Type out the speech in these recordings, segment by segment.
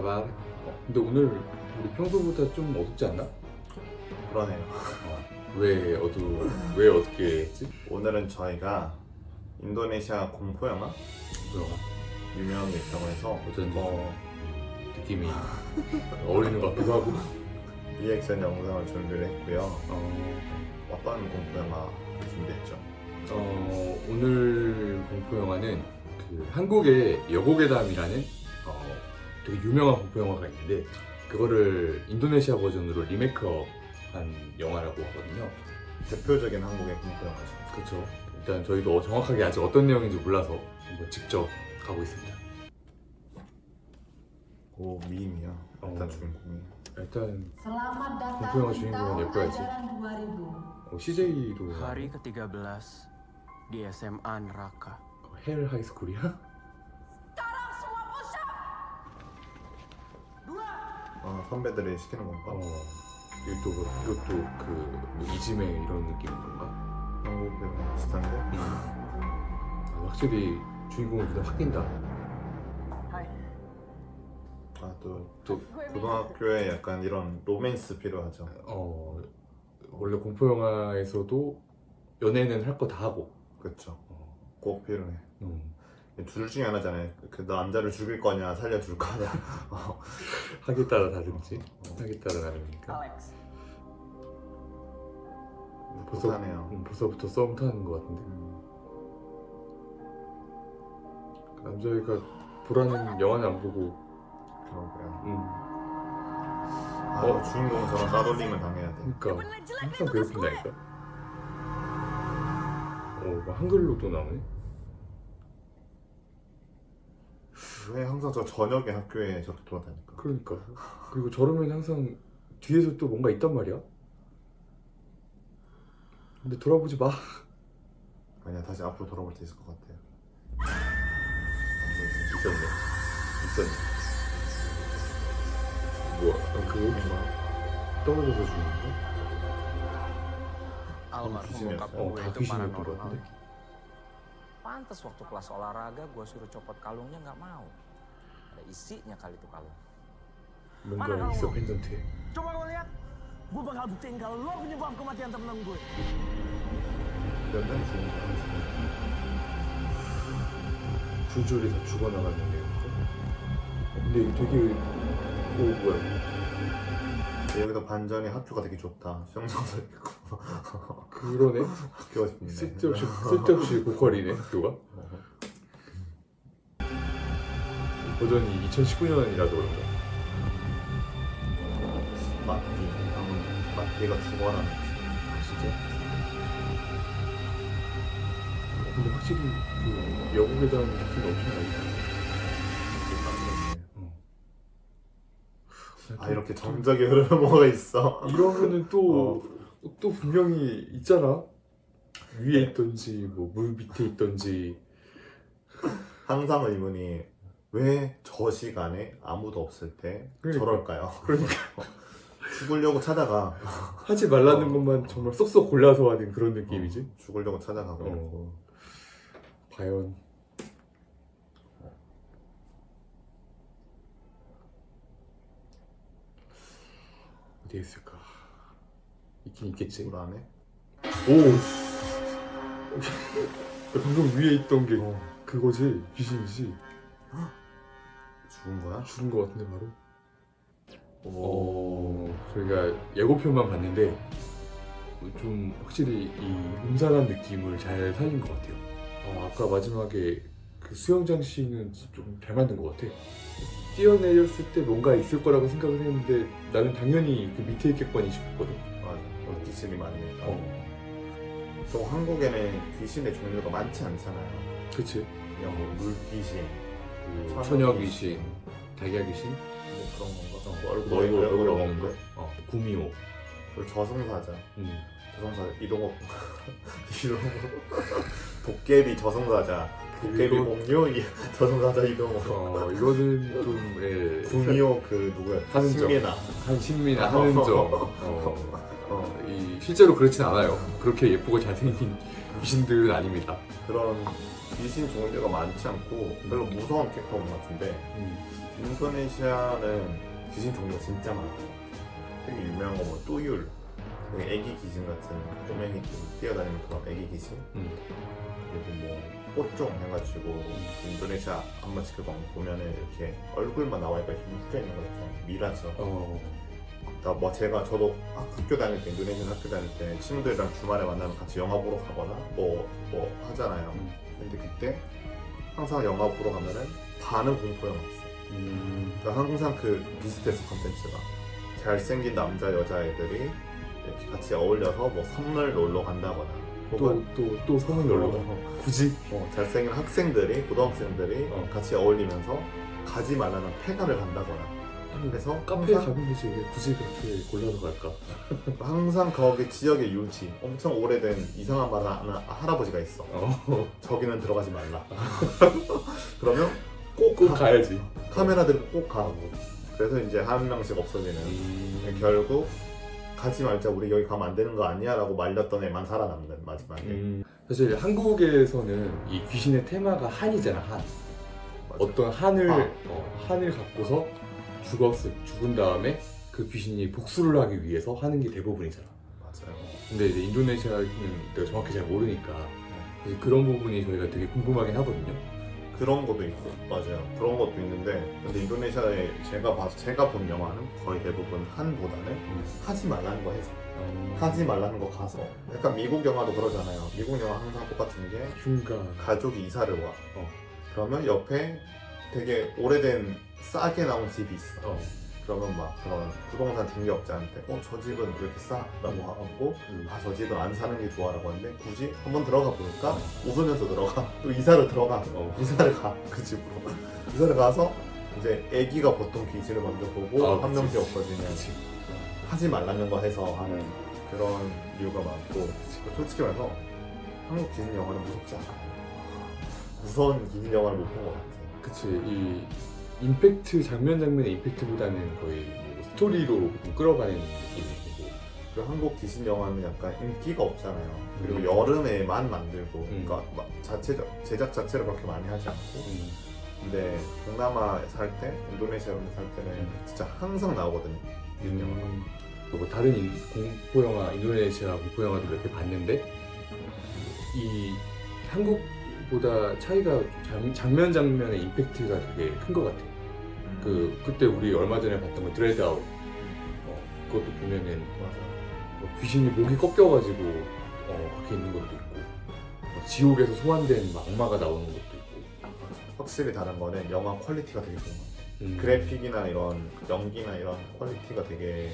될까봐. 근데 오늘 우리 평소보다 좀 어둡지 않나? 그러네요. 어, 왜 어두 워왜 어둡게 했지? 오늘은 저희가 인도네시아 공포 영화 뭐야? 유명한 게 있다고 해서 어떤 어, 느낌이 어울리는 것 같기도 하고 리액션 영상을 준비를 했고요. 어, 어떤 공포 영화 준비했죠? 어, 오늘 공포 영화는 그 한국의 여고괴담이라는 되게 유명한 공포 영화가 있는데 그거를 인도네시아 버전으로 리메이크한 영화라고 하거든요. 대표적인 한국의 공포 영화죠. 그렇죠. 일단 저희도 정확하게 아직 어떤 내용인지 몰라서 한번 직접 가고 있습니다. 오 미인이야. 일단 어. 주인공이. 일단 공포 영화 주인공은 예뻐야지. 어, CJ로. 하리 13 d SMA n e 헬 하이스쿨이야? 선배들이 시키는 건가? 어. 이것도 이것도 그뭐 이지메 이런 느낌인 건가? 한국이랑 비슷한데? 음. 아, 확실히 주인공은 그냥 확 뛴다. 아또 예. 아, 또 아, 고등학교에 약간 이런 로맨스 필요하죠. 어 원래 공포 영화에서도 연애는 할 거 다 하고. 그렇죠. 어. 꼭 필요해. 음. 둘 중에 하나잖아요. 그 남자를 죽일 거냐 살려줄 거냐. 어. 하기 따라 다르지. 하기 따라 다르니까. 벌네요 벌써부터 음, 썸 타는 것 같은데. 음. 남자애가 보라는 영화는 안 보고. 어, 그러고요. 음. 아, 어주인공저럼 따돌림을 당해야 돼. 그러니까 항상 그 괴롭힌다니까. 어, 뭐 한글로도 나오네. 왜 항상 저 저녁에 학교에 저렇게 돌아다니까? 그러니까. 그리고 저러면 항상 뒤에서 또 뭔가 있단 말이야. 근데 돌아보지 마. 아니야 다시 앞으로 돌아볼 수 있을 것 같아. 있었네. 있었네. 뭐야? 난 그거 뭐야? 떨어져서 죽는 거? 아마 뭔가 보고 해도 말안 오르데 Pantas waktu kelas olahraga gue suruh copot kalungnya nggak mau. Ada isinya kali itu kalung. Mana kalung lu? Coba lo lihat. Gue bakal buktiin kalau lo penyebab kematian temen gue. 줄줄이 다 죽어나가는 게 근데 되게 오 뭐야 여기다 반전의 합주가 되게 좋다 수영선수 있고 그러네. 쓸데없이 쓸데없이 고컬이네 교가. 버전이 2019년이라서 그런가. 맞디 형 맞디가 죽어라. 아, 진짜. 근데 확실히 그 여국에 대한 느낌이 엄청 나겠다. 어. 아, 아 이렇게 정작에 흐르는 뭐가 있어. 이러면은 또 어. 또 분명히 있잖아 위에 네. 있던지 뭐 물 밑에 있던지 항상 의문이 왜 저 시간에 아무도 없을 때 그러니까. 저럴까요? 그러니까 죽으려고 찾아가 하지 말라는 어. 것만 정말 쏙쏙 골라서 하는 그런 느낌이지 어, 죽으려고 찾아가고 어. 과연 어디에 있을까 있긴 있겠지 물 그 안에 오 방금 위에 있던 게 어. 그거지 귀신이지 죽은 거야? 죽은 거 같은데 바로 오. 어, 저희가 예고편만 봤는데 좀 확실히 이 음산한 느낌을 잘 살린 것 같아요 어, 아까 마지막에 그 수영장 씬은 좀잘만는것 같아 뛰어내렸을 때 뭔가 있을 거라고 생각을 했는데 나는 당연히 그 밑에 있겠거니 싶었거든 기술이 많으니까 어. 또 한국에는 귀신의 종류가 많지 않잖아요 그치 그냥 뭐 물귀신 그 처녀 그 귀신 달걀 귀신 뭐 그런 건가? 뭐 얼굴 얼굴 얼굴 없는 거? 어 구미호 그리고 저승사자 음. 저승사자 이동욱 이동욱 도깨비 저승사자 도깨비 공유 저승사자 이동욱 어 이거는 좀 예. 구미호 그 누구야? 한정 신민아 한신민아 한은정 어. 어. 어. 이 실제로 그렇진 않아요. 그렇게 예쁘고 잘생긴 귀신들은 아닙니다. 그런 귀신 좋은 데가 많지 않고 별로 음. 무서운 캐릭터 없는 것 같은데 음. 인도네시아는 귀신 종류가 진짜 많아요. 되게 유명한 거뭐 뚜율, 그 애기 귀신 같은 꼬맹이 뛰어다니는 그런 애기 귀신 음. 그리고 뭐 꽃종 해가지고 음. 인도네시아 안마치크 보면은 이렇게 얼굴만 나와 있고 이렇게 묶여 있는 거 있잖아요. 미라처럼. 어. 그러니까 뭐 제가 저도 아, 학교 다닐 때 인도네시아 학교 다닐 때 친구들이랑 주말에 만나면 같이 영화 보러 가거나 뭐, 뭐 하잖아요. 음. 근데 그때 항상 영화 보러 가면은 반은 공포 영화였어. 음. 그러니까 항상 그 비슷했어 컨텐츠가 잘생긴 남자 여자애들이 같이 어울려서 뭐 섬을 놀러 간다거나 또또또 또, 또 섬을 놀러 어, 가 어. 굳이 어, 잘생긴 학생들이 고등학생들이 어. 같이 어울리면서 가지 말라는 폐가를 간다거나 하는 데서 카페 잡상 가면 되지 왜 굳이 그렇게 골라서 갈까? 항상 거기 지역의 유치 엄청 오래된 이상한 말 하나 할아버지가 있어 어. 저기는 들어가지 말라 그러면 꼭, 꼭 가, 야지 카메라 들고 꼭 가고 그래서 이제 한 명씩 없어지는 음... 네, 결국 가지 말자 우리 여기 가면 안 되는 거 아니야 라고 말렸던 애만 살아남는 마지막에 음... 사실 한국에서는 이 귀신의 테마가 한이잖아 한 맞아. 어떤 한을 아. 어, 한을 갖고서 죽었을 죽은 다음에 그 귀신이 복수를 하기 위해서 하는 게 대부분이잖아. 맞아요. 근데 이제 인도네시아는 내가 정확히 잘 모르니까 네. 이제 그런 부분이 저희가 되게 궁금하긴 하거든요. 그런 것도 있고 맞아요. 그런 것도 있는데 근데 인도네시아에 제가 봐 제가 본 영화는 거의 대부분 한보다는 음. 하지 말라는 거 해서 음. 하지 말라는 거 가서 약간 미국 영화도 그러잖아요. 미국 영화 항상 똑같은 게 중간 가족이 이사를 와. 어. 그러면 옆에 되게 오래된 싸게 나온 집이 있어. 어. 그러면 막 그런 부동산 중개업자한테 어 저 집은 왜 이렇게 싸? 라고 하고 음. 아저 집은 안 사는 게 좋아 라고 하는데 굳이 한번 들어가 보니까 어. 웃으면서 들어가 또 이사를 들어가 어. 이사를 가 그 집으로 이사를 가서 이제 애기가 보통 기지를 먼저 보고 아, 한 그치. 명씩 없거지요 그치. 하지 말라는 거 해서 하는 음. 그런 이유가 많고 솔직히 말해서 한국 기진 영화는 무섭지 않아 무서운 기진 영화를 못 본 것 같아 그치 이 임팩트 장면 장면의 임팩트보다는 거의 뭐 스토리로 끌어가는 느낌이고 그 한국 귀신 영화는 약간 인기가 없잖아요. 그리고 음. 여름에만 만들고 음. 그러니까 막 자체적 제작 자체를 그렇게 많이 하지 않고 음. 근데 동남아 살 때 인도네시아 로살 때는 음. 진짜 항상 나오거든요. 디즈니 영화. 그리고 다른 인, 공포 영화 인도네시아 공포 영화도 몇개 봤는데 이 한국 보다 차이가 장, 장면 장면의 임팩트가 되게 큰 것 같아요. 음. 그 그때 우리 얼마 전에 봤던 거 드레드아웃 어, 그것도 보면은 맞아. 뭐 귀신이 목이 꺾여가지고 어, 밖에 있는 것도 있고 뭐 지옥에서 소환된 악마가 나오는 것도 있고 확실히 다른 거는 영화 퀄리티가 되게 좋은 것 같아요. 음. 그래픽이나 이런 연기나 이런 퀄리티가 되게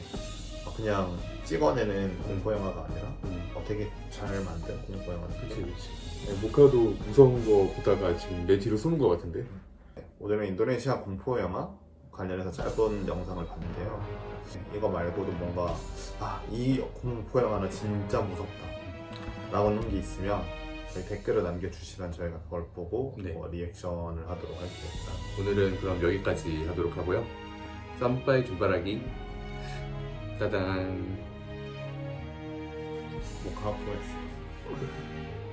그냥 찍어내는 공포 영화가 아니라 음. 어, 되게 잘 만든 공포 영화. 그렇지, 그렇지. 네, 못 가도 무서운 거 보다가 지금 내 뒤로 쏘는 거 같은데 오늘은 인도네시아 공포 영화 관련해서 짧은 영상을 봤는데요 네, 이거 말고도 뭔가 아, 이 공포 영화는 진짜 무섭다 나오는게 있으면 댓글을 남겨주시면 저희가 그걸 보고 네. 뭐 리액션을 하도록 하겠습니다 오늘은 그럼 여기까지 하도록 하고요 쌈바의 두바라기 짜잔 뭐가 포프겠어